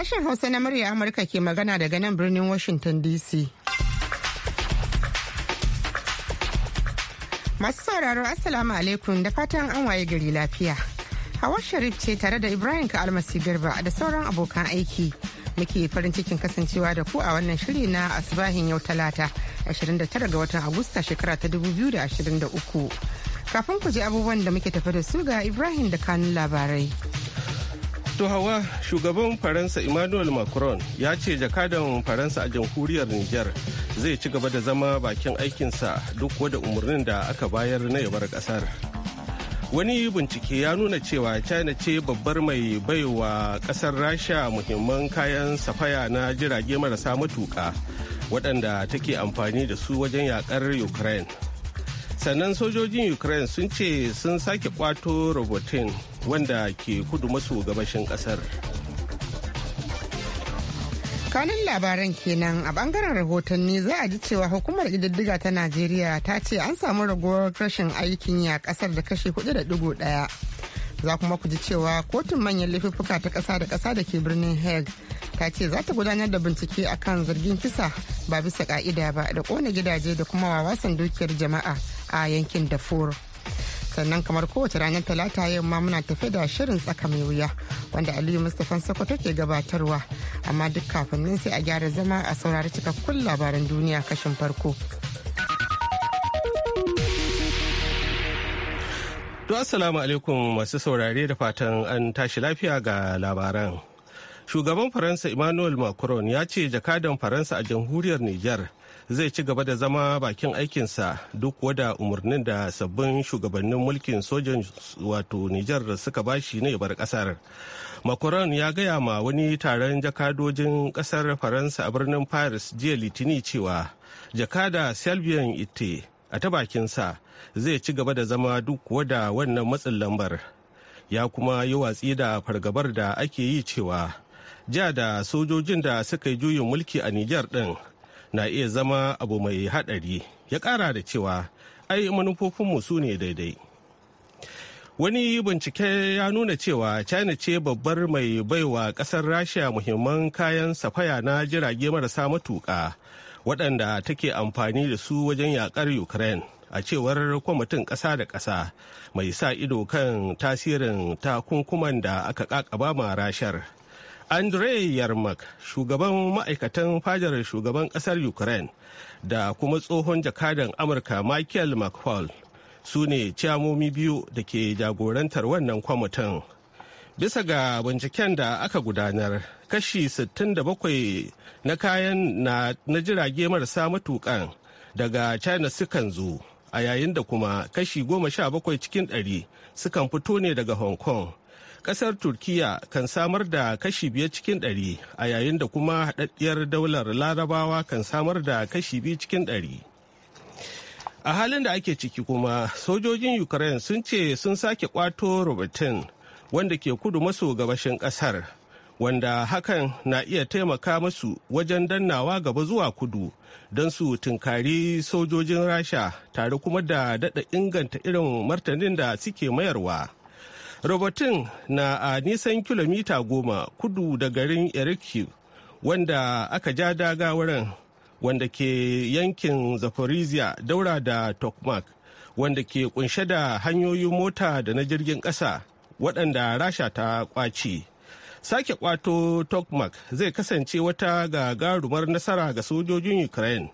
Sashen Hausa na murya Amurka ke magana daga nan birnin Washington DC. Masu sauraro Assalamu alaikum da fatan an waye gari lafiya. Hawa Sharif ce tare da Ibrahim ka almasi garba da sauran abokan aiki. Muke farin cikin kasancewa da ku a wannan shiri na asibahin yau talata 29 ga watan Agusta shekara ta 2023. Kafin ku ji abubuwan da muke tafi da su ga Ibrahim da kanun labarai. To hawa shugaban Faransa Emmanuel Macron ya ce jakadan Faransa a jamhuriyar niger zai ci gaba da zama bakin aikinsa duk wada umarnin da aka bayar na yabar kasar. Wani bincike ya nuna cewa China ce babbar mai baiwa kasar Rasha muhimman kayan safaya na jirage marasa matuka waɗanda take amfani da su wajen yakar Ukraine. Sannan sojojin Ukraine sun ce sun sake kwato Robotin wanda ke kudu maso gabashin kasar. kanun labaran kenan a bangaren rahotanni za a ji cewa hukumar ididdiga ta najeriya ta ce an samu raguwar rashin aikin ya kasar da kashe da 4.1 za kuma ku ji cewa kotun manyan laifuka ta kasa da kasa da ke birnin hague ta ce za ta gudanar da bincike a kan zargin kisa ba bisa ka'ida ba da kona gidaje da kuma wawasan dukiyar jama'a a yankin dafur. sannan kamar kowace ranar talata yau ma muna tafe da shirin tsaka mai wuya wanda aliyu mustapha sokoto ke gabatarwa amma duk kafin nan sai a gyara zama a saurari cikakkun labaran duniya kashin farko To assalamu alaikum masu saurare da fatan an tashi lafiya ga labaran. shugaban faransa emmanuel macron ya ce jakadan faransa a jamhuriyar niger zai ci gaba da zama bakin aikinsa duk wada umarnin da sabbin shugabannin mulkin sojan wato niger suka bashi ne bar kasar macron ya gaya ma wani taron jakadojin kasar faransa a birnin paris jiya litini cewa jakada selvian ite a ta bakinsa zai ci gaba da zama duk wada wannan matsin lambar ya kuma yi watsi da fargabar da ake yi cewa ja da sojojin da suka yi juyin mulki a Nijar ɗin na iya zama abu mai haɗari ya ƙara da cewa ai manufofinmu su ne daidai. Wani bincike ya nuna cewa China ce babbar mai baiwa ƙasar Rasha muhimman kayan safaya na jirage marasa matuƙa waɗanda take amfani da su wajen yaƙar Ukraine. a cewar kwamitin ƙasa da ƙasa mai sa ido kan tasirin takunkuman da aka ƙaƙaba ma rashar andrei yarmak shugaban ma'aikatan fadar shugaban ƙasar ukraine da kuma tsohon jakadan amurka michael mcfaul su ne ciyamomi biyu da ke jagorantar wannan kwamitin bisa ga binciken da aka gudanar kashi 67 na kayan na, jirage marasa matukan daga china sukan zo a yayin da kuma kashi 17 cikin 100 sukan fito ne daga hong kong kasar turkiya kan samar da kashi biyu cikin ɗari a yayin da kuma haɗaɗɗiyar daular larabawa kan samar da kashi biyu cikin ɗari a halin da ake ciki kuma sojojin ukraine sun ce sun sake kwato robertin wanda ke kudu maso gabashin ƙasar wanda hakan na iya taimaka masu wajen dannawa gaba zuwa kudu don su tunkari sojojin rasha tare kuma da daɗa inganta irin martanin da suke mayarwa. robotin na a nisan kilomita goma kudu da garin erikiv wanda aka ja daga wurin wanda ke yankin zaporizhia daura da tokmak wanda ke kunshe da hanyoyin mota da na jirgin ƙasa waɗanda rasha ta kwaci sake kwato tokmak zai kasance wata gagarumar nasara ga sojojin ukraine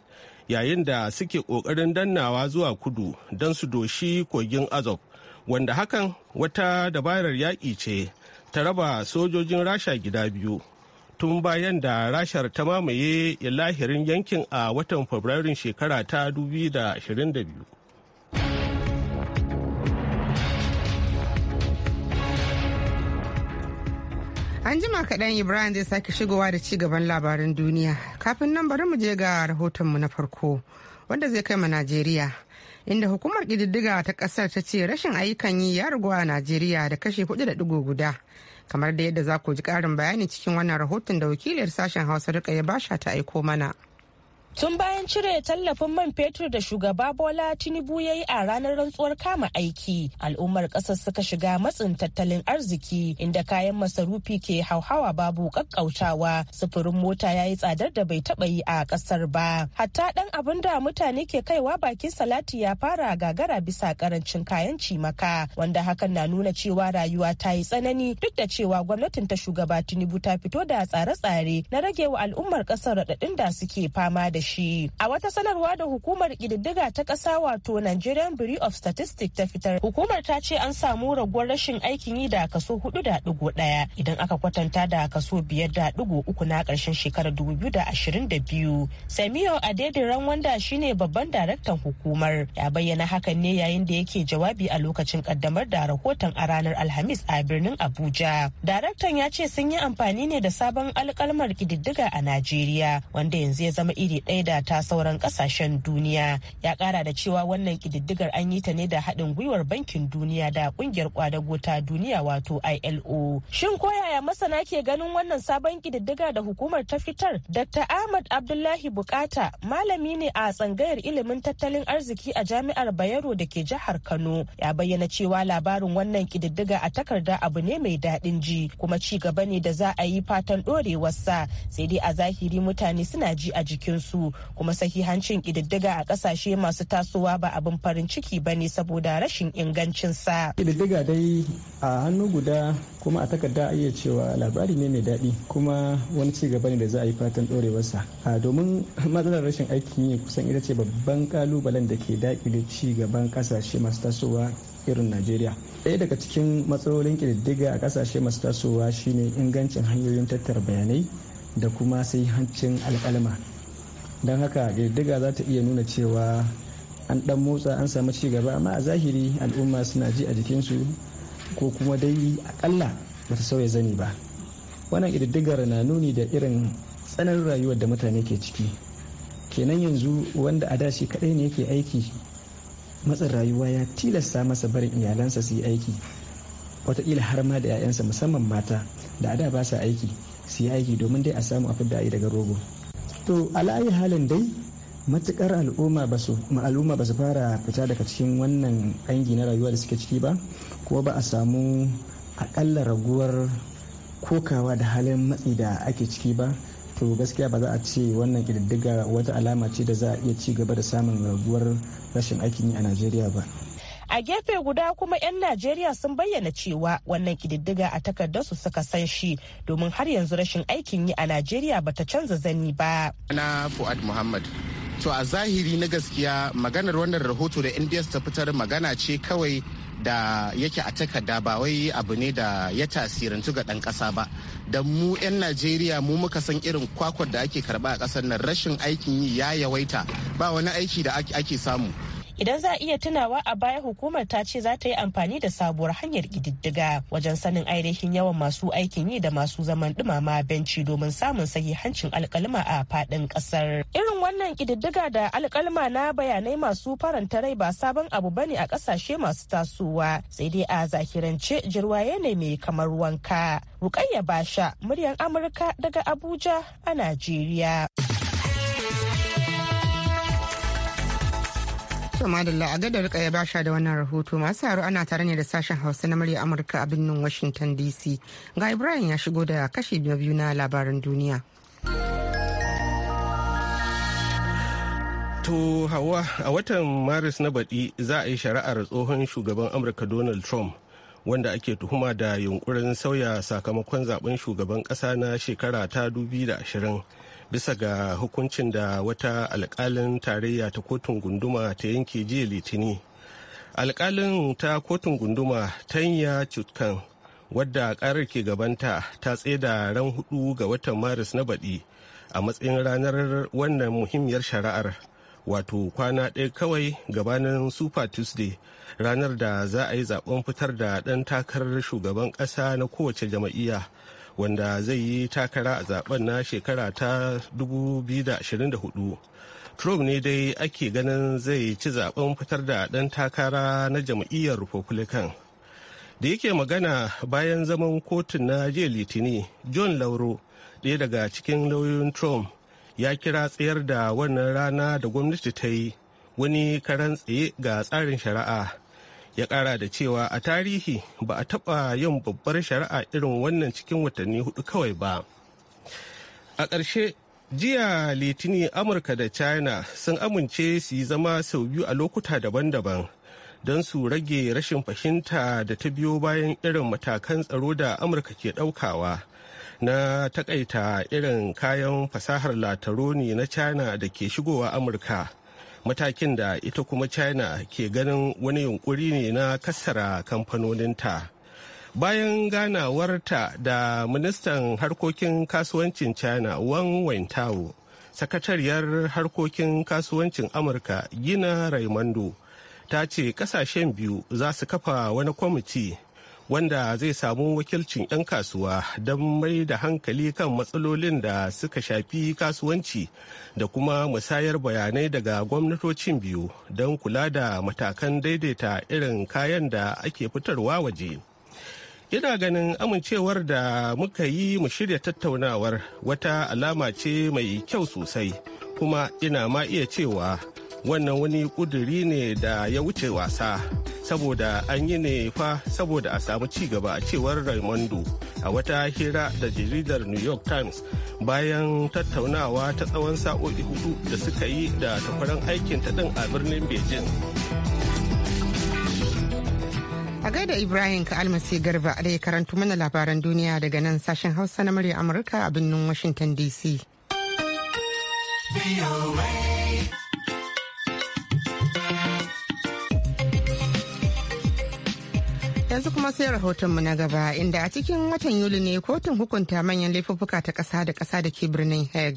yayin da suke ƙoƙarin dannawa zuwa kudu don su doshi kogin azov wanda hakan wata dabarar yaƙi ce ta raba sojojin rasha gida biyu tun bayan da rashar ta mamaye lahirin yankin a watan fabrairun shekara ta 2022 An jima kaɗan Ibrahim zai sake shigowa da ci gaban labaran duniya. Kafin nan bari mu je ga rahotonmu na farko wanda zai kai ma Najeriya. inda hukumar ƙididdiga ta ƙasar ta ce rashin ayyukan yi ya ragu a najeriya da kashe hudu da digo guda kamar da yadda za ku ji ƙarin bayani cikin wannan rahoton da wakiliyar sashen hausa rika ya basha ta aiko mana. Tun bayan cire tallafin man fetur da shugaba Bola Tinubu ya yi a ranar rantsuwar kama aiki, al'ummar ƙasar suka shiga matsin tattalin arziki inda kayan masarufi ke hauhawa babu ƙaƙƙautawa. Sufurin mota ya yi tsadar da bai taɓa yi a ƙasar ba. Hatta ɗan abin da mutane ke kaiwa bakin salati ya fara gagara bisa ƙarancin kayan cimaka, wanda hakan na nuna cewa rayuwa ta yi tsanani duk da cewa gwamnatin ta shugaba Tinubu ta fito da tsare-tsare na rage wa al'ummar ƙasar raɗaɗin da suke fama da shi. A wata sanarwa da hukumar ƙididdiga ta ƙasa wato Nigerian Bureau of Statistics ta fitar, hukumar ta ce an samu raguwar rashin aikin yi da kaso hudu da digo ɗaya idan aka kwatanta da kaso biyar da digo uku na ƙarshen shekarar dubu biyu da ashirin da biyu. Samiyo Adediran wanda shine babban daraktan hukumar ya bayyana hakan ne yayin da yake jawabi a lokacin ƙaddamar da rahoton a ranar Alhamis a birnin Abuja. Daraktan ya ce sun yi amfani ne da sabon alƙalmar ƙididdiga a Najeriya wanda yanzu ya zama iri ɗaya ɗaya ta sauran ƙasashen duniya ya ƙara da cewa wannan kididdigar an yi ta ne da haɗin gwiwar bankin duniya da ƙungiyar kwadago ta duniya wato ilo shin ko yaya masana ke ganin wannan sabon ƙididdiga da hukumar ta fitar dr ahmad abdullahi bukata malami ne a tsangayar ilimin tattalin arziki a jami'ar bayero da ke jihar kano ya bayyana cewa labarin wannan kididdiga a takarda abu ne mai daɗin ji kuma ci gaba ne da za a yi fatan ɗorewarsa sai dai a zahiri mutane suna ji a jikinsu kuma sahihancin ƙididdiga a kasashe masu tasowa ba abin farin ciki ba ne saboda rashin ingancinsa. ƙididdiga dai a hannu guda kuma a takarda a iya cewa labari ne mai daɗi kuma wani ci gaba ne da za a yi fatan ɗorewarsa a domin matsalar rashin aikin yi kusan ita ce babban kalubalen da ke daƙile ci gaban ƙasashe masu tasowa irin najeriya ɗaya daga cikin matsalolin ƙididdiga a kasashe masu tasowa shine ingancin hanyoyin tattara bayanai da kuma sai hancin alƙalma don haka diddiga za ta iya nuna cewa an ɗan motsa an samu ci gaba amma a zahiri al'umma suna ji a jikinsu ko kuma dai akalla ba ta sauya zani ba wannan ƙididdigar na nuni da irin tsananin rayuwar da mutane ke ciki kenan yanzu wanda a da shi kaɗai ne yake aiki matsin rayuwa ya tilasta masa barin iyalansa su yi aiki wataƙila har ma da 'ya'yansa musamman mata da a da ba sa aiki su yi aiki domin dai a samu a fidda daga rogo to ala'ayi halin dai matukar al'umma ba su fara fita daga cikin wannan ƙangi na rayuwa da suke ciki ba ko ba a samu akalla raguwar kokawa da halin matsi da ake ciki ba to gaskiya ba za a ce wannan ƙididdiga wata alama ce da za a iya ci gaba da samun raguwar rashin aikin yi a najeriya ba a gefe guda kuma 'yan najeriya sun bayyana cewa wannan kididdiga a takardarsu suka san shi domin har yanzu rashin aikin yi a najeriya bata canza zani ba na fuad muhammad to a zahiri na gaskiya maganar wannan rahoto da nbs ta fitar magana ce kawai da yake a takarda ba wai abu ne da ya tasirantu ga dan kasa ba da mu 'yan najeriya mu muka san irin kwakwar da ake karba a ƙasar nan rashin aikin yi ya yawaita ba wani aiki da ake samu Idan za a iya tunawa a baya hukumar ta ce za ta yi amfani da sabuwar hanyar ƙididdiga wajen sanin ainihin yawan masu aikin yi da masu zaman dumama benci domin samun sahihancin alkalma a faɗin ƙasar. Irin wannan ƙididdiga da alkalma na bayanai masu faranta rai ba sabon abu bane a ƙasashe masu tasowa sai dai a zahirance jirwaye ne mai kamar wanka. Rukayya Basha, muryar Amurka daga Abuja a Najeriya. To madalla a gadar ya basha da wannan rahoto masu haru ana tare ne da sashen hausa na murya Amurka a birnin Washington DC. Ga Ibrahim ya shigo da kashi biyu na labaran duniya. To hawa a watan Maris na baɗi za a yi shari'ar tsohon shugaban Amurka Donald Trump wanda ake tuhuma da yunkurin sauya sakamakon zaben shugaban ƙasa na shekara ta 2020 bisa ga hukuncin da wata alkalin tarayya ta kotun gunduma ta yanke jiya litini alkalin ta kotun gunduma tanya cutkan wadda karar ke gabanta ta tseda ran hudu ga watan maris na baɗi a matsayin ranar wannan muhimmiyar shari'ar wato kwana ɗaya kawai gabanin super tuesday ranar da za a yi zaben fitar da ɗan takarar shugaban ƙasa na kowace jama'iyya wanda zai yi takara a zaben na shekara ta 2024 trump ne dai ake ganin zai ci zaben fitar da ɗan takara na jam'iyyar republican da yake magana bayan zaman kotun na jiya litini john lauro ɗaya daga cikin lauyoyin trump ya kira tsayar da wannan rana da gwamnati ta yi wani karan tsaye ga tsarin shari'a ya kara da cewa a tarihi ba a taɓa yin babbar shari'a irin wannan cikin watanni hudu kawai ba a ƙarshe jiya litini amurka da china sun amince su yi zama sau biyu a lokuta daban-daban don su rage rashin fahimta da ta biyo bayan irin matakan tsaro da amurka ke ɗaukawa na takaita irin kayan fasahar lataroni na china da ke shigowa amurka matakin da ita kuma china ke ganin wani yunkuri ne na kassara kamfanoninta bayan ganawarta da ministan harkokin kasuwancin china wang wentao sakatariyar harkokin kasuwancin amurka gina raimondo ta ce kasashen biyu za su kafa wani kwamiti wanda zai samu wakilcin 'yan kasuwa don mai da hankali kan matsalolin da suka shafi kasuwanci da kuma musayar bayanai daga gwamnatocin biyu don kula da matakan daidaita irin kayan da ake fitarwa waje. ina ganin amincewar da muka yi mu shirya tattaunawar wata alama ce mai kyau sosai kuma ina ma iya cewa wannan wani ƙuduri ne da ya wuce wasa. saboda an yi ne fa saboda a samu ci gaba a cewar raimondo a wata hira da jaridar new york times bayan tattaunawa ta tsawon sa'o'i hudu da suka yi da tafaran aikin ta din a birnin beijing a gaida ibrahim ka almasi garba da ya karanto mana labaran duniya daga nan sashen hausa na murya amurka a birnin washington dc yanzu kuma sai rahotonmu na gaba inda a cikin watan yuli ne kotun hukunta manyan laifuffuka ta kasa da kasa da ke birnin hague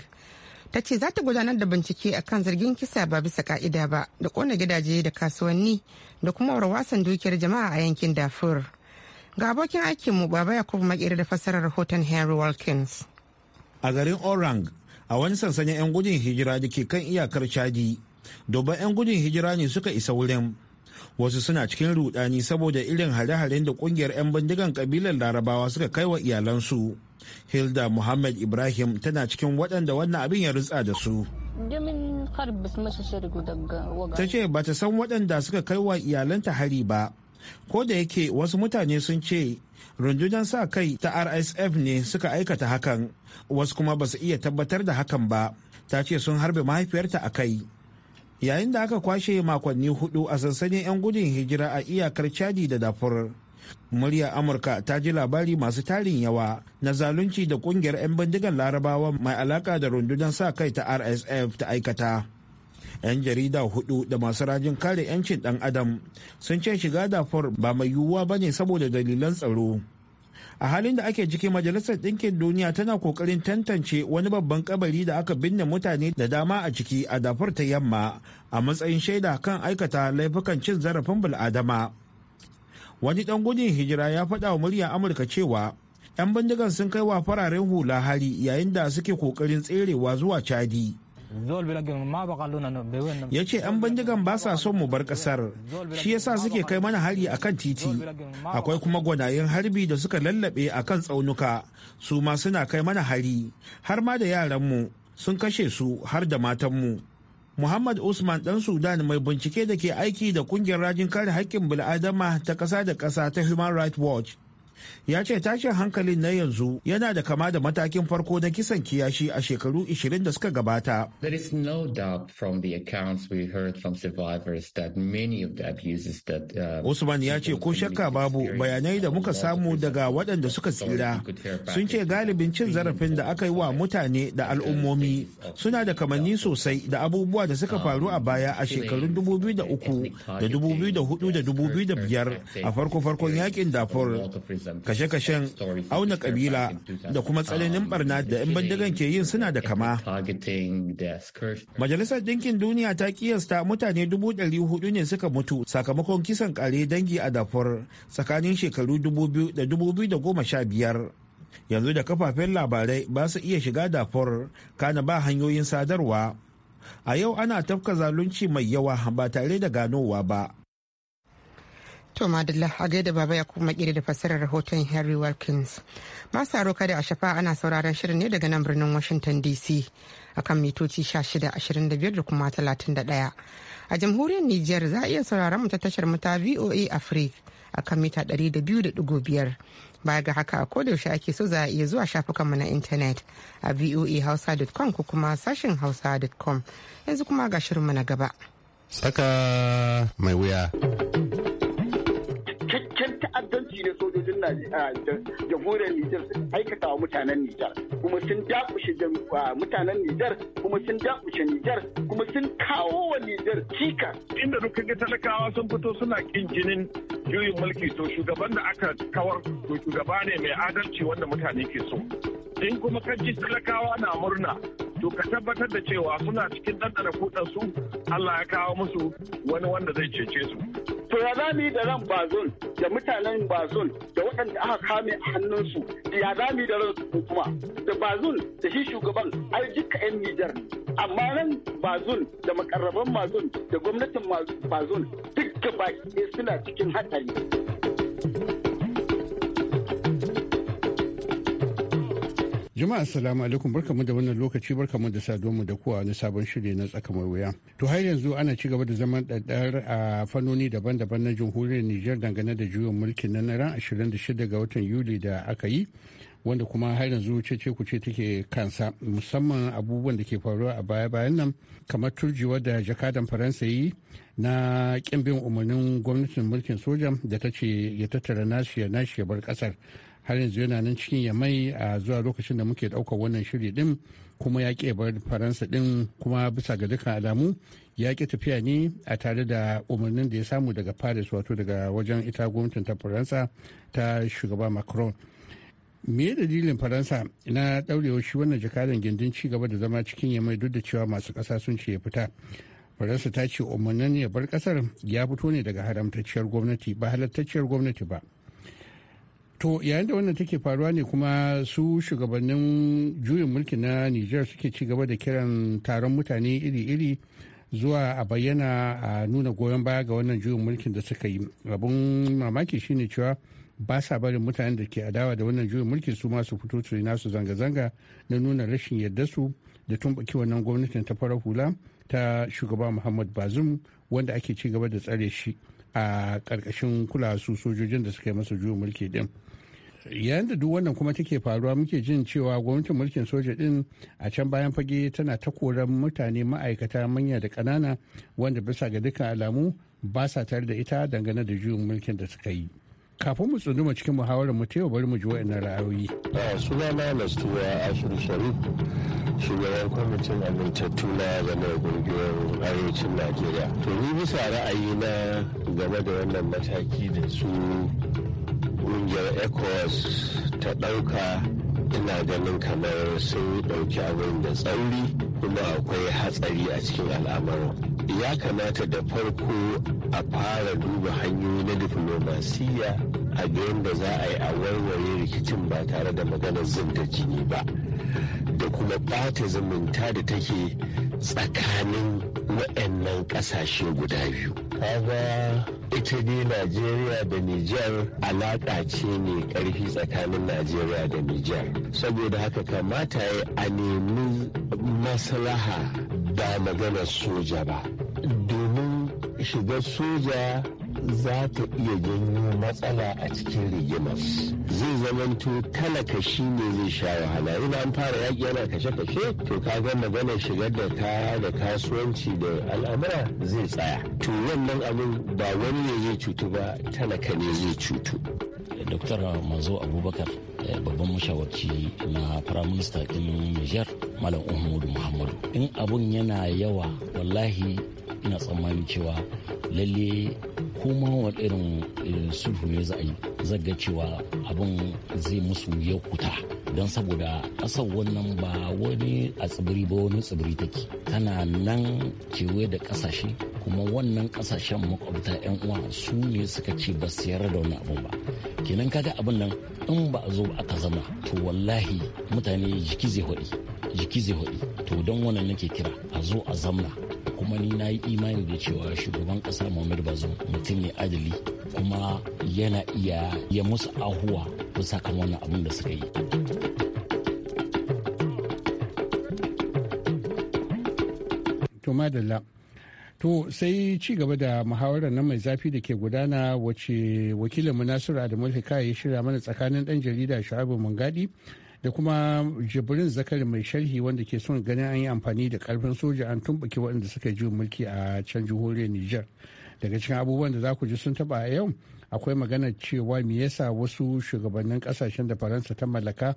ta ce za ta gudanar da bincike a kan zargin kisa ba bisa ka'ida ba da kona gidaje da kasuwanni da kuma warwasan dukiyar jama'a a yankin dafur ga abokin aikin mu baba yakubu makera da fassarar rahoton henry walkins. a garin orang a wani sansanin 'yan gudun hijira da ke kan iyakar chadi dubban 'yan gudun hijira ne suka isa wurin wasu suna cikin rudani saboda irin hare-haren da kungiyar 'yan bindigan kabilar larabawa suka kai wa iyalansu hilda muhammad ibrahim tana cikin waɗanda wannan abin ya rutsa da su ta ce ba ta san waɗanda suka kai wa iyalanta hari ba ko da yake wasu mutane sun ce rundunar sa kai ta rsf ne suka aikata hakan wasu kuma ba su iya tabbatar da hakan ba ta ce sun harbe mahaifiyarta a kai yayin da aka kwashe makonni hudu a sansanin 'yan gudun hijira a iyakar chadi da dafur murya amurka ta ji labari masu tarin yawa na zalunci da kungiyar 'yan bindigan larabawa mai alaka da rundunar sa kai ta rsf ta aikata 'yan jarida hudu da masu rajin kare 'yancin dan adam sun ce shiga dafur ba mai yiwuwa ba ne saboda dalilan tsaro a halin da ake ciki majalisar ɗinkin duniya tana ƙoƙarin tantance wani babban kabari da aka binne mutane da dama a ciki a dafar ta yamma a matsayin shaida kan aikata laifukan cin zarafin bil'adama wani ɗan gudun hijira ya faɗa wa murya amurka cewa 'yan bindigan sun kai wa fararen hula hari yayin da suke ƙoƙarin tserewa zuwa chadi ya ce 'yan bindigan ba sa son mu bar kasar shi yasa suke kai mana hari a kan titi akwai kuma gwanayen harbi da suka lallabe a kan tsaunuka su ma suna kai mana hari har ma da yaranmu sun kashe su har da matanmu muhammad usman ɗan sudan mai bincike da ke aiki da kungiyar rajin kare haƙƙin bil'adama ta ƙasa da ƙasa ta human rights watch ya ce tashin hankalin na yanzu yana da kama da matakin farko na kisan kiyashi a shekaru 20 da suka gabata. There is no doubt from the accounts we heard from survivors that many of the abuses that uh, Usman ya ce ko shakka babu bayanai da muka samu daga waɗanda suka tsira sun ce galibin cin zarafin da aka yi wa mutane da al'ummomi suna da kamanni sosai da abubuwa da suka faru a baya a shekarun 2003 da 2004 da 2005 a farko-farkon yakin dafur kashe-kashen auna kabila da kuma tsananin barna da 'yan bindigan ke yin suna da kama majalisar dinkin duniya ta kiyasta mutane dubu ɗari hudu ne suka mutu sakamakon kisan kare dangi a dafur tsakanin shekaru dubu biyu da dubu biyu da goma sha biyar yanzu da kafafen labarai ba su iya shiga dafur kana ba hanyoyin sadarwa a yau ana tafka zalunci mai yawa ba tare da ganowa ba To Madalla a gaida baba ya kuma kiri da fasirar rahoton harry Wilkins. Masu kada a shafa ana sauraron shirin ne daga nan birnin Washington DC akan mitoci 1625 da kuma 31. A jamhuriyar Nijar za a iya sauraron mu ta tashar mu VOA Africa akan mita 200.5. Baya ga haka a yaushe ake so za a iya zuwa shafukanmu na intanet a voahausa.com ko kuma sashin hausa.com yanzu kuma ga shirinmu na gaba. Saka mai wuya. ta'addanci ne sojojin jamhuriyar Nijar sun aikata wa mutanen Nijar kuma sun dakushe mutanen Nijar kuma sun dakushe Nijar kuma sun kawo wa Nijar cika. Inda duka ga talakawa sun fito suna kin jinin juyin mulki to shugaban da aka kawar to shugaba ne mai adalci wanda mutane ke so. In kuma kan ji talakawa na murna to ka tabbatar da cewa suna cikin ɗanɗana su Allah ya kawo musu wani wanda zai cece su. To ya za mu yi da ran bazon da mutanen bazon da waɗanda aka kame a hannunsu ya za mu yi da ran kuma da bazon da shi shugaban har jika 'yan Nijar amma ran bazon da makarraban bazon da gwamnatin bazon duk gaba suna cikin hatsari. Jama'a assalamu alaikum barkamu da wannan lokaci barkamu da saduwanmu da kowa na sabon shirye na tsakamar wuya. To har yanzu ana ci gaba da zaman ɗaɗɗar a fannoni daban-daban na jamhuriyar Nijar dangane da juyin mulkin na ran 26 ga watan Yuli da aka yi wanda kuma har yanzu cece kuce take kansa musamman abubuwan da ke faruwa a baya-bayan nan kamar turjiwa da jakadan faransa yi na kyambin umarnin gwamnatin mulkin soja da ta ce ya tattara ya bar kasar har yanzu yana nan cikin ya mai a zuwa lokacin da muke ɗaukar wannan shiri din kuma ya ƙi bar faransa din kuma bisa ga dukkan alamu ya ƙi tafiya ne a tare da umarnin da ya samu daga paris wato daga wajen ita gwamnatin ta faransa ta shugaba macron me dalilin faransa na ɗaurewa shi wannan jakadan gindin ci gaba da zama cikin ya mai duk da cewa masu ƙasa sun ce ya fita faransa ta ce umarnin ya bar ƙasar ya fito ne daga haramtacciyar gwamnati ba halattacciyar gwamnati ba To yayin da wannan take faruwa ne kuma su shugabannin juyin mulki na Nijar suke ci gaba da kiran taron mutane iri-iri zuwa a bayyana a nuna goyon baya ga wannan juyin mulkin da suka yi. Abun mamaki shine cewa ba sa barin mutanen da ke adawa da wannan juyin mulki su masu fito su yi nasu zanga-zanga na nuna rashin yarda su da tumbaki wannan gwamnatin ta farar hula ta shugaba Muhammad Bazum wanda ake ci gaba da tsare shi a karkashin kula su sojojin da suka yi masa juyin mulki din. yayin da duk wannan kuma take faruwa muke jin cewa gwamnatin mulkin soja din a can bayan fage tana ta koran mutane ma'aikata manya da ƙanana wanda bisa ga dukkan alamu ba sa tare da ita dangane da juyin mulkin da suka yi kafin mu tsunduma cikin muhawarar mu ta bari mu ji wa'annan ra'ayoyi. sunana nastuwa ashir sharif shugaban kwamitin amintattu na game gungiyar arewacin najeriya to ni bisa ra'ayi na game da wannan mataki da su ƙungiyar ecowas ta ɗauka tana ganin kamar sun ɗauki abin da tsauri kuma akwai hatsari a cikin al'amarin ya kamata da farko a fara duba hanyoyi na diflomasiyya a biyan da za a yi a warware rikicin ba tare da maganar da jini ba da kuma bata zumunta da take tsakanin waɗannan ƙasashe guda biyu kaga ita dai najeriya da nijar alaƙa ce ne ƙarfi tsakanin najeriya da nijar saboda haka kamata ya a nemi maslaha ba maganar soja ba domin shiga soja za ta iya janyo matsala a cikin rigimar zai zamanto talaka shi ne zai sha wahala ina an fara yaƙi yana kashe-kashe to ka ga magana shigar da kaya da kasuwanci da al'amura zai tsaya to wannan abin ba wani ne zai cutu ba talaka ne zai cutu Dr. mazo Abubakar eh, babban mashawarci na firaminista ɗin Nijar Malam Umaru Muhammadu. In abun yana yawa wallahi ina tsammanin cewa lalle koma wa irin eh, sulhu ne za a yi zaga cewa abin zai musu ya kuta don saboda ƙasar wannan ba wani a tsibiri ba wani tsibiri take tana nan kewaye da ƙasashe kuma wannan ƙasashen makwabta 'yan uwa su ne suka ce ba su yarda da wani abin ba kenan kaga abin nan in ba a zo ba aka zama to wallahi mutane jiki zai hudi jiki zai hudi to don wannan nake kira a zo a zamna kuma ni na yi imani da cewa shugaban ƙasa muhammadu bazum mutum ne adali kuma yana iya ya musu ahuwa bisa kan wannan abin da suka yi to sai ci gaba da muhawarar na mai zafi da ke gudana wace wakilin munasura adamu hikaya ya shirya mana tsakanin dan jarida shu'abu mungadi da kuma jibrin zakari mai sharhi wanda ke son ganin an yi amfani da karfin soja an tumbuki waɗanda suka ji mulki a can jihoriyar niger daga cikin abubuwan da za ku ji sun taba a yau akwai maganar cewa me yasa wasu shugabannin kasashen da faransa ta mallaka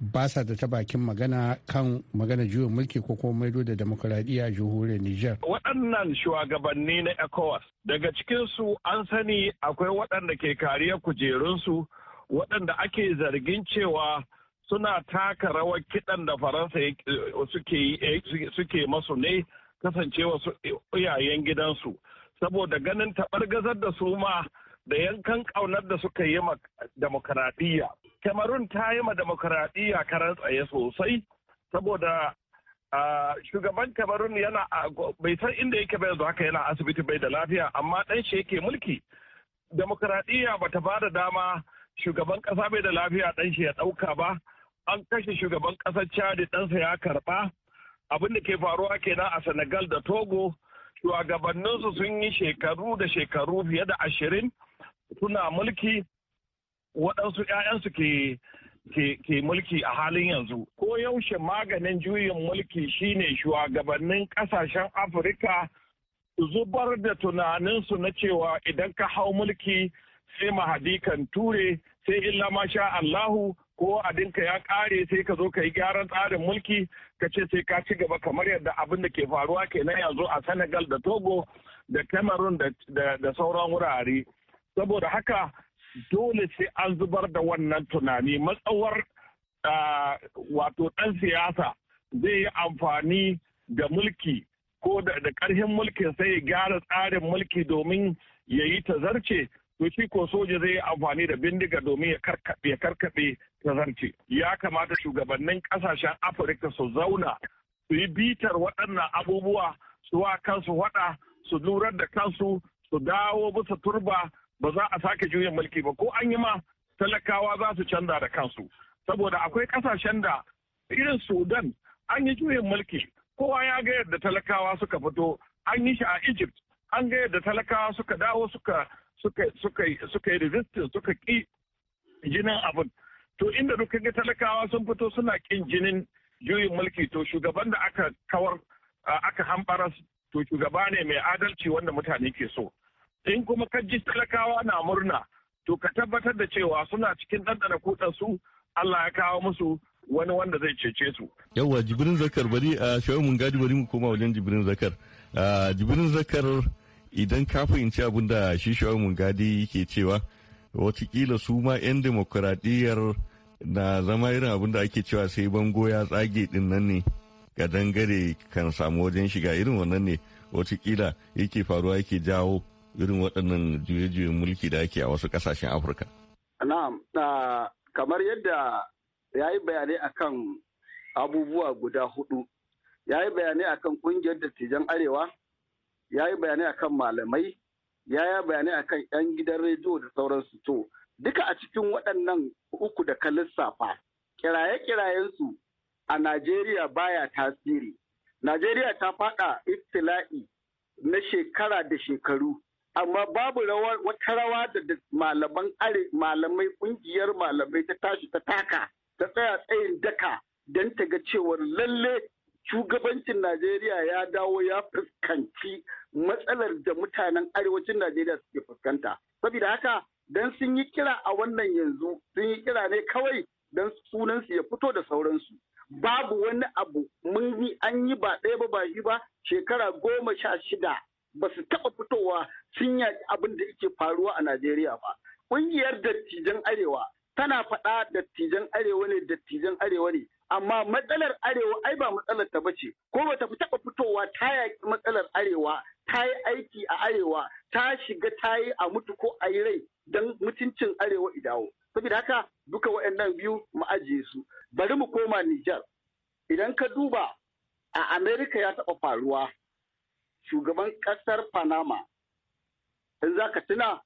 ba sa da ta bakin magana kan magana juyin mulki ko kuma maido da demokuraɗiyya a jihohin Nijar. Waɗannan shugabanni na ECOWAS daga cikinsu an sani akwai waɗanda ke kariyar kujerunsu waɗanda ake zargin cewa suna taka rawar kiɗan da faransa eh, eh, suke masu ne kasancewa su iyayen gidansu saboda ganin gazar da su ma da yankan ƙaunar da suka yi ma demokaradiyya cameroon ta yi ma demokaradiyya karan tsaye sosai saboda shugaban cameroon yana bai san inda yake bai yanzu haka yana asibiti bai da lafiya amma ɗan shi yake mulki demokaradiyya ba ta ba da dama shugaban ƙasa bai da lafiya ɗan shi ya ɗauka ba an kashe shugaban ƙasar chad ɗansa ya karɓa abin da ke faruwa kenan a senegal da togo shugabanninsu sun yi shekaru da shekaru fiye da ashirin suna mulki waɗansu 'ya'yansu ke ke mulki a halin yanzu ko yaushe maganin juyin mulki shine shugabannin kasashen afirka zubar da tunaninsu na cewa idan ka hau mulki sai mahadikan ture sai illa masha allahu ko abinka ya kare sai ka zo ka yi gyaran tsarin mulki ka ce sai ka ci gaba kamar yadda abin da ke faruwa kenan yanzu a senegal da togo da cameroon da sauran wurare saboda haka dole sai an zubar da wannan tunani matsawar wato ɗan siyasa zai yi amfani da mulki ko da ƙarfin mulkin sai ya gyara tsarin mulki domin ya yi tazarce to ko soja zai yi amfani da bindiga domin ya karkaɓe-ya karkaɓe ta zance. ya kamata shugabannin ƙasashen afirka su zauna su yi bitar waɗannan abubuwa su wa kansu waɗa su lurar da kansu su dawo bisa turba ba za a sake juyin mulki ba ko an yi ma talakawa za su canza da kansu saboda akwai ƙasashen da irin sudan an yi juyin mulki kowa ya ga yadda talakawa suka fito an yi shi a egypt an ga yadda talakawa suka dawo suka suka yi resistance suka ƙi jinin abin to inda duka ga talakawa sun fito suna ƙin jinin juyin mulki to shugaban da aka kawar aka hambara to shugaba ne mai adalci wanda mutane ke so in kuma ji talakawa na murna to ka tabbatar da cewa suna cikin ɗanɗana kudansu Allah ya kawo musu wani wanda zai cece su. Yawwa Jibrin Zakar bari a shawar mun gadi bari mu koma wajen Jibrin Zakar. Jibrin Zakar idan ka fahimci abin da shi mun gadi yake cewa watakila su ma 'yan demokuraɗiyyar na zama irin abin da ake cewa sai bango ya tsage din nan ne ga dangare kan samu wajen shiga irin wannan ne watakila yake faruwa yake jawo irin waɗannan juye-juyen mulki da ake a wasu ƙasashen afirka na'am kamar yadda ya yi bayanai akan abubuwa guda hudu ya yi bayanai akan ƙungiyar dattijan arewa ya yi bayanai akan malamai ya yi bayanai akan 'yan gidan rediyo da sauransu to duka a cikin waɗannan uku da ka lissafa kiraye-kirayensu a najeriya baya tasiri najeriya ta faɗa iftila'i na shekara da shekaru amma babu wata rawa da malaman are malamai ƙungiyar malamai ta tashi ta taka ta tsaya tsayin daka don ta ga cewar lalle shugabancin Najeriya ya dawo ya fuskanci matsalar da mutanen arewacin Najeriya suke fuskanta. Saboda haka dan sun yi kira a wannan yanzu sun yi kira ne kawai dan sunansu ya fito da sauransu. Babu wani abu mun yi an yi ba ɗaya ba ba shi ba shekara goma sha shida ba su taɓa fitowa sun yaƙi abin da yake faruwa a Najeriya ba. Ƙungiyar dattijan Arewa tana faɗa dattijan Arewa ne dattijan Arewa ne amma matsalar arewa ai ba matsalar ta bace ko bata ta taba fitowa ta yaƙi matsalar arewa ta yi aiki a arewa ta shiga ta yi a mutu ko a yi rai don mutuncin arewa idawo saboda haka duka waɗannan biyu mu ajiye su bari mu koma Nijar idan ka duba a Amerika ya taɓa faruwa shugaban ƙasar Panama in za ka tuna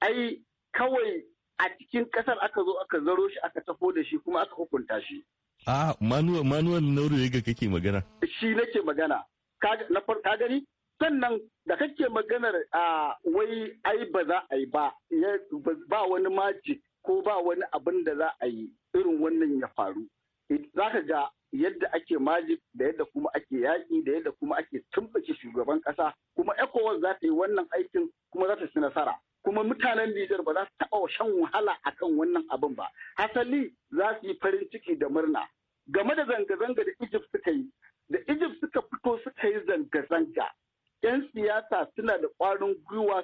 ai kawai a cikin ƙasar aka zo aka zaro shi aka tafo da shi kuma aka hukunta shi a ah, manuel manuel ga kake magana shi nake magana na ka gani sannan da kake maganar a wai ai ba za a yi ba ba wani maji ko ba wani abin da za a yi irin wannan ya faru za ka ga yadda ake majik da yadda kuma ake yaƙi da yadda kuma ake tumɓace shugaban ƙasa kuma ecowas za ta yi wannan aikin kuma za ta ci nasara kuma mutanen Nijar ba za su taɓa shan wahala akan wannan abin ba. Hasali za su yi farin ciki da murna. Game da zanga-zanga da Egypt suka yi, da Egypt suka fito suka yi zanga-zanga. 'Yan siyasa suna da ƙwarin gwiwa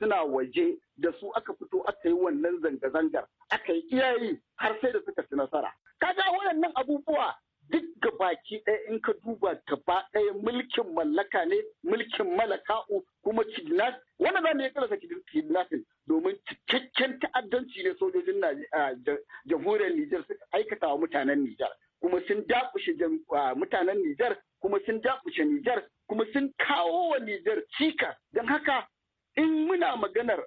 suna waje da su aka fito aka yi wannan zanga-zangar. Aka yi iyayi har sai da suka ci nasara. Kaga waɗannan abubuwa duk baki ɗaya in ka duba gaba ɗaya mulkin mallaka ne mulkin malaka'u kuma kidnas wannan za mu iya kalasa kidnasin domin cikakken ta'addanci ne sojojin jamhuriyar Nijar suka aikata wa mutanen Nijar kuma sun dakushe mutanen Nijar kuma sun dakushe Nijar kuma sun kawo wa Nijar cika don haka in muna maganar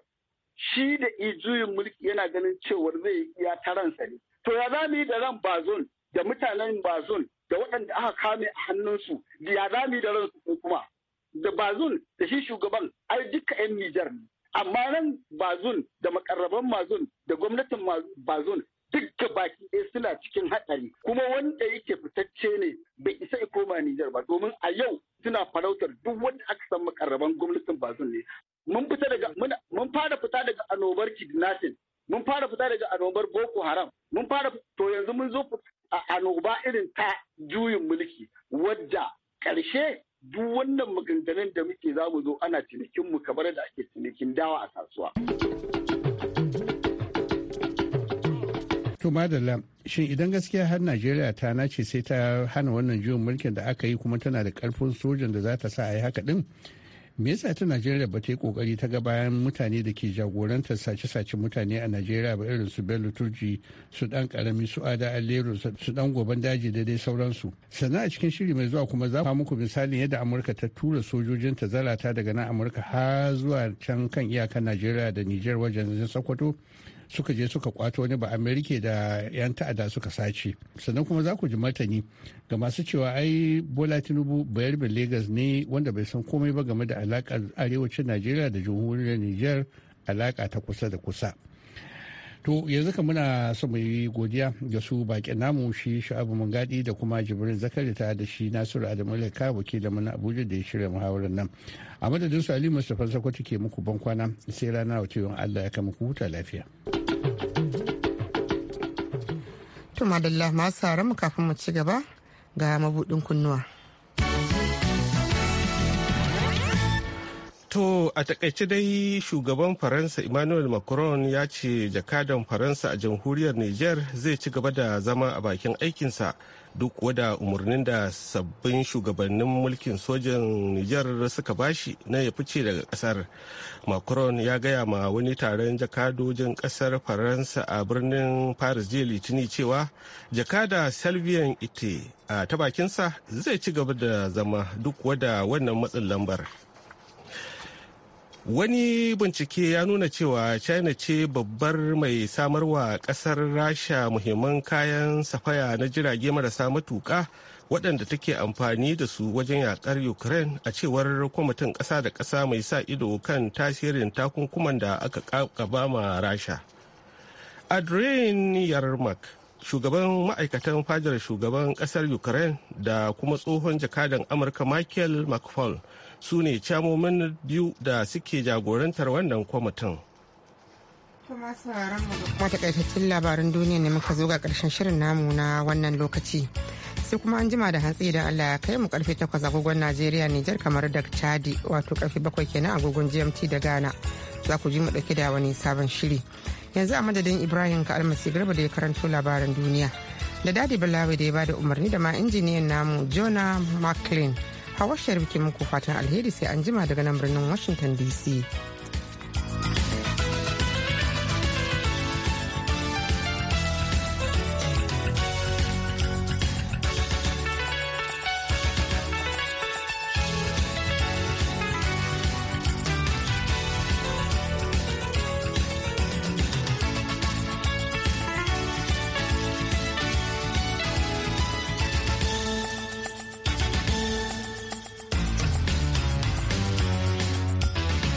shi da ijuyin mulki yana ganin cewar zai yi iya taransa ne to ya za mu yi da ran bazon da mutanen bazon da waɗanda aka kame a hannunsu da ya zami da ransu ko kuma da bazun da shi shugaban ai duka 'yan Nijar ne. Amma nan bazun da makarraban mazun da gwamnatin bazun duk baki ɗaya suna cikin haɗari kuma wanda yake fitacce ne bai isa ya koma Nijar ba domin a yau suna farautar duk wanda aka san makarraban gwamnatin bazun ne. Mun fita daga mun fara fita daga annobar kidnapping mun fara fita daga annobar Boko Haram mun fara to yanzu mun zo annoba irin ta juyin mulki wadda ƙarshe duk wannan maganganun da muke za mu zo ana mu kamar da ake cinikin dawa a kasuwa. To madalla shin idan gaskiya har Najeriya ta nace sai ta hana wannan juyin mulkin da aka yi kuma tana da karfin sojan da za ta sa a yi haka din me yasa ta najeriya ba ta yi kokari ta ga bayan mutane da ke jagorantar sace-sace mutane a najeriya ba irin su bello turji su dan karami su ada allero su dan goban daji da dai sauransu sannan a cikin shiri mai zuwa kuma za muku misalin yadda amurka ta tura sojojin ta zalata daga nan amurka har zuwa can kan iyakan najeriya da niger wajen sokoto suka je suka kwato wani ba amerika da 'yan ta'ada suka sace sannan kuma za ku ji martani ga masu cewa ai bola tinubu bayar bin lagos ne wanda bai san komai ba game da alakar arewacin najeriya da jamhuriyar niger alaka ta kusa da kusa to yanzu ka muna so mu yi godiya ga su baƙin namu shi sha'abu mangadi da kuma jibrin zakari ta da shi nasiru adamu laka wakilin da na abuja da ya shirya muhawarar nan a madadin su ali mustapha sakwato ke muku ban kwana sai rana wace allah ya kama ku huta lafiya. to madalla masu mu kafin mu ci gaba ga mabuɗin kunnuwa. To a takaice dai shugaban Faransa Emmanuel Macron ya ce jakadan Faransa a jamhuriyar Niger zai ci gaba da zama a bakin aikinsa duk wada umarnin da sabbin shugabannin mulkin sojan Niger suka bashi na ya fice daga kasar. Macron ya gaya ma wani taron jakadojin kasar Faransa a birnin Paris jiya Litini cewa jakada Salvian Ite a ta bakinsa zai ci gaba da zama duk wada wannan matsin lambar. wani bincike ya nuna cewa china ce babbar mai samarwa kasar rasha muhimman kayan safaya na jirage marasa matuka waɗanda take amfani da su wajen yakar ukraine a cewar kwamitin ƙasa da ƙasa mai sa ido kan tasirin takunkuman da aka ƙaƙaba ma rasha adrian yarmak shugaban ma'aikatan fadar shugaban ƙasar ukraine da kuma tsohon jakadan amurka michael mcfaul su ne camomin biyu da suke jagorantar wannan kwamitin matakaitattun labarin duniya ne muka zo ga karshen shirin namu na wannan lokaci sai kuma an jima da hantsi idan allah ya kai mu karfe takwas agogon najeriya nijar kamar da chadi wato karfe 7 kenan agogon gmt da ghana za ku ji mu dauke da wani sabon shiri yanzu a madadin ibrahim ka almasi garba da ya karanto labarin duniya da dadi balawi da ya bada umarni da ma injiniyan namu jona mclean a sharif bikin muku fatan alheri sai an jima daga nan birnin washington dc